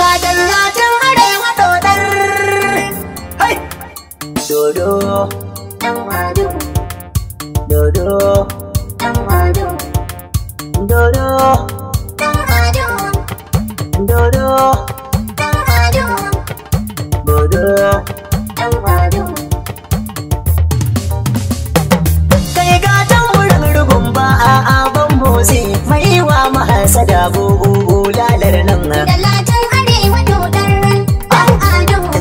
gajalla chare hato dar hey dodo dan madu dodo dan madu dodo dan madu dodo dan madu dodo dan madu kai ga tan wurin rugun ba a ban motsi mai wa mahasa da bugu lalar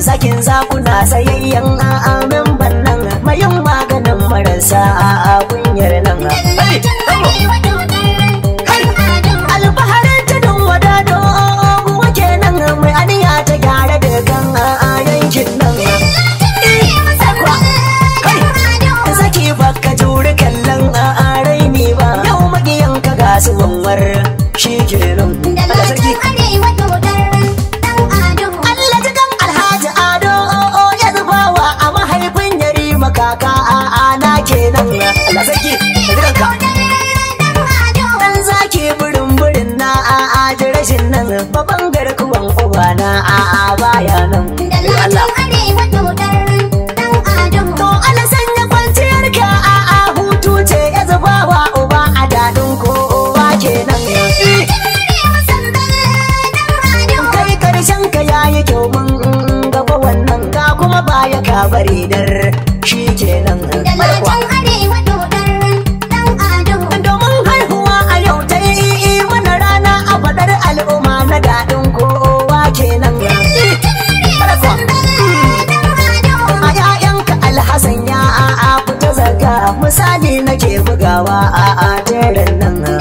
sakin zakuna sayayyan a'amin babban uba na, a'a baya nan Allah arewa dodar dan adam to ala sanya kwanciyar a'a hutu ce ya zuba wa uba a dadin kowa kenan kai karshen ka yayi kyau mun ga wannan ka kuma baya ka bari dar shi kenan sani nake bugawa a a nan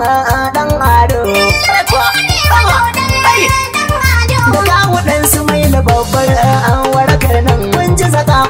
ma dan ado da kawo dan su mai da babbar eh, an warakar nan kun ji zaka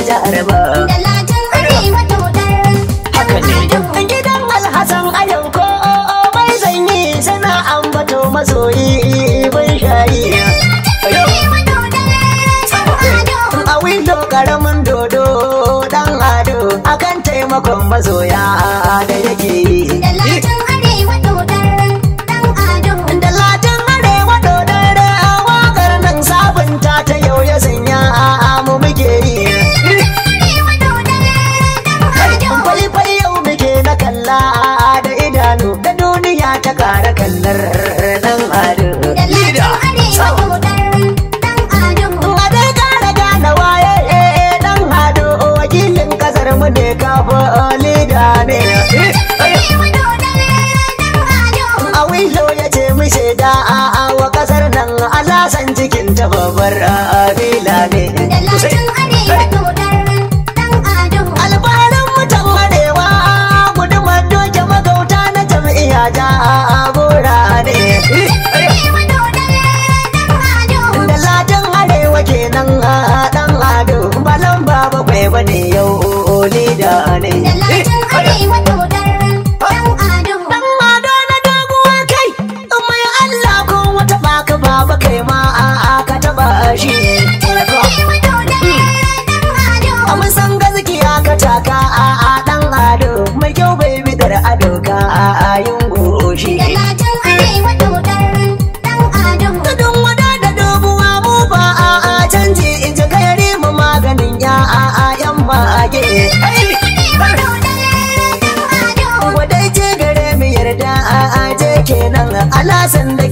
Ado karamin dodo dan ado akan taimakon mazoya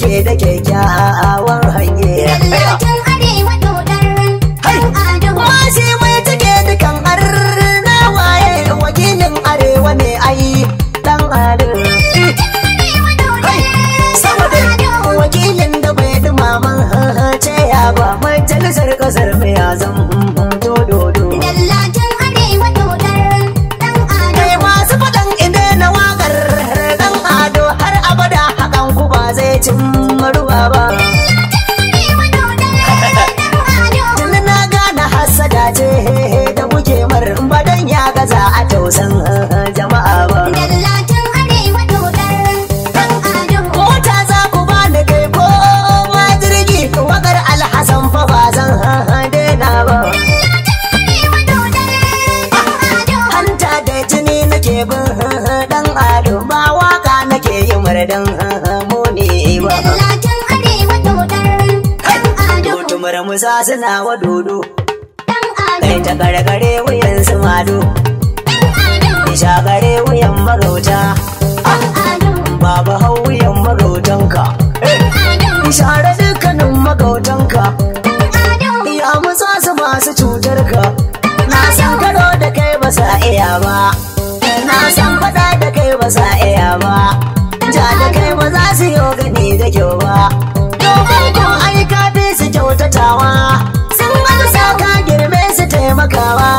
ke da kyakkyawan hanye. arewa dodar ado. mai take dukan arna waye wakilin arewa ne ai dan ado. Wakilin da bai dumaman eh, eh, ce ya ba majalisar kasar mai azan mm, mm. baba. sa suna wa dodo. Kai ta gargare wuyan su mado. gare wuyan magauta. Baba hau wuyan magautanka. Share dukkanin magautanka. Ya musa su masu cutarka. Na san karo da kai ba sa iya ba. Na san faɗa da kai ba sa iya ba. Ja da kai ba za su yi makawa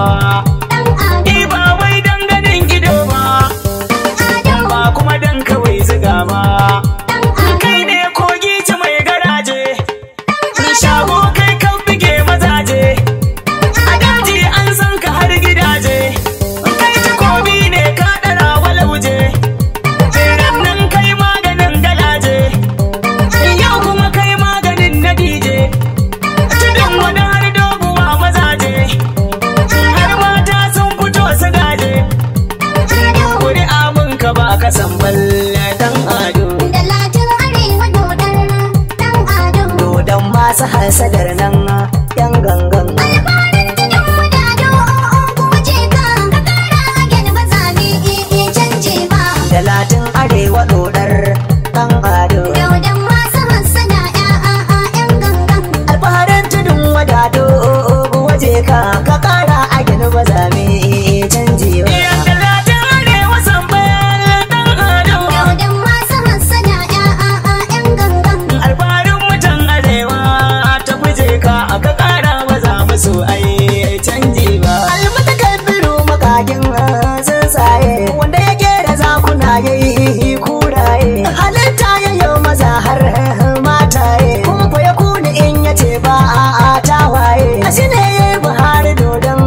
ba a ta waye a shi ne ya yi buhari dodon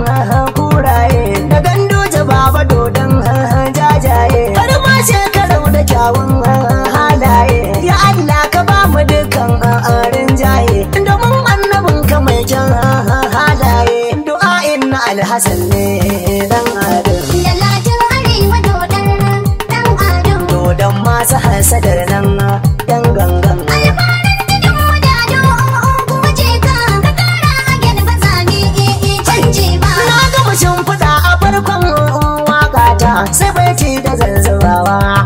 kuraye da gandoja baba dodon jajaye har ma shekarau da kyawun halaye ya Allah ka ba mu dukan rinjaye domin annabin ka mai jan halaye du'a'in na alhassan sifirci da zanzubawa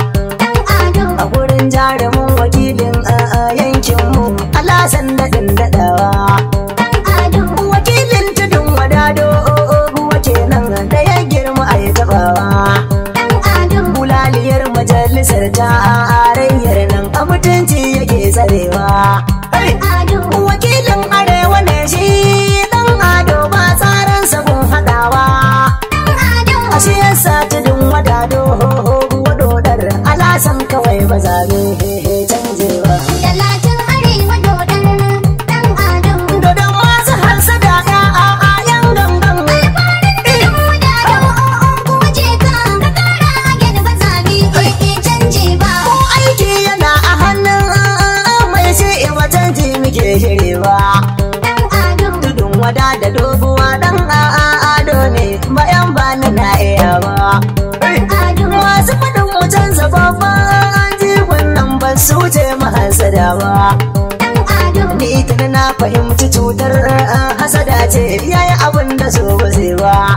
su wuce mahasada ba ni tana na fahimci cutar hasada eh, ce yayi abin da so ba zai ba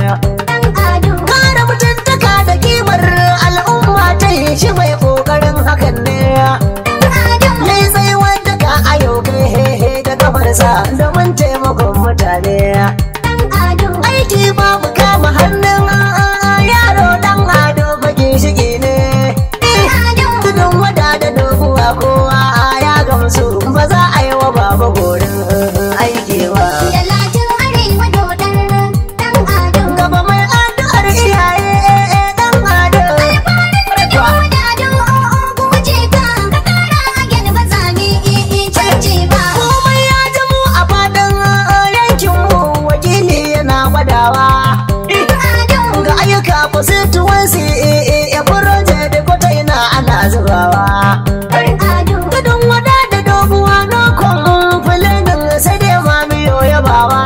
Gadon wada da doguwa dokon fulinin sai dai mamiyo ya bawa.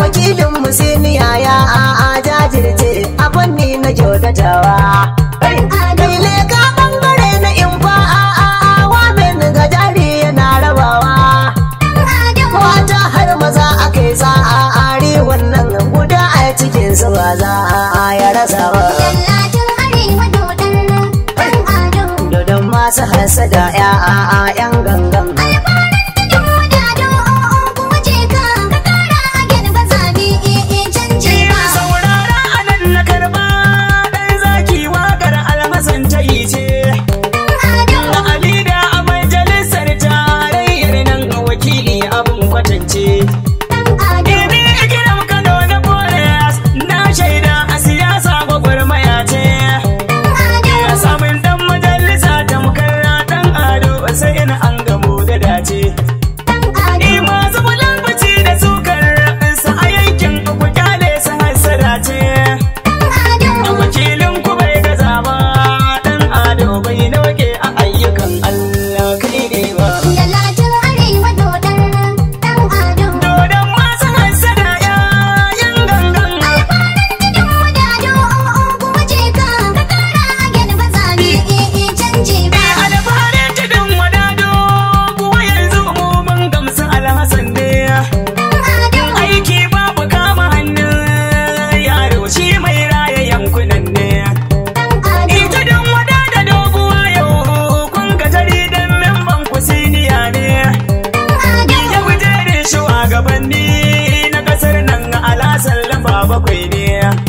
Wakilin Musini a ya a jajirce abin ni na kyautatawa. Dole ka bangare na infa a a wa min ga jari yana rabawa. Wata har maza a kai za a are wannan guda a cikin su ba 我亏你。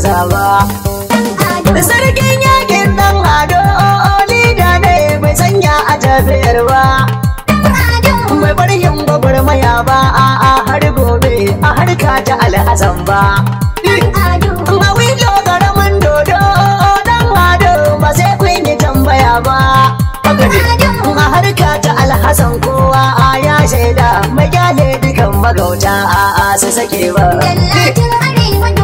ba. Sarkin yakin ɗan ado oli da ne bai sanya a tafiyar ba. Bai bar yin gwagwarmaya ba a har gobe a harka ta al'asan ba. Mawilo karamin dodo ɗan ado ba sai kun yi tambaya ba. A harka ta alhassan kowa a ya shaida magyale dukan magauta a su sake ba. Dallatin arewa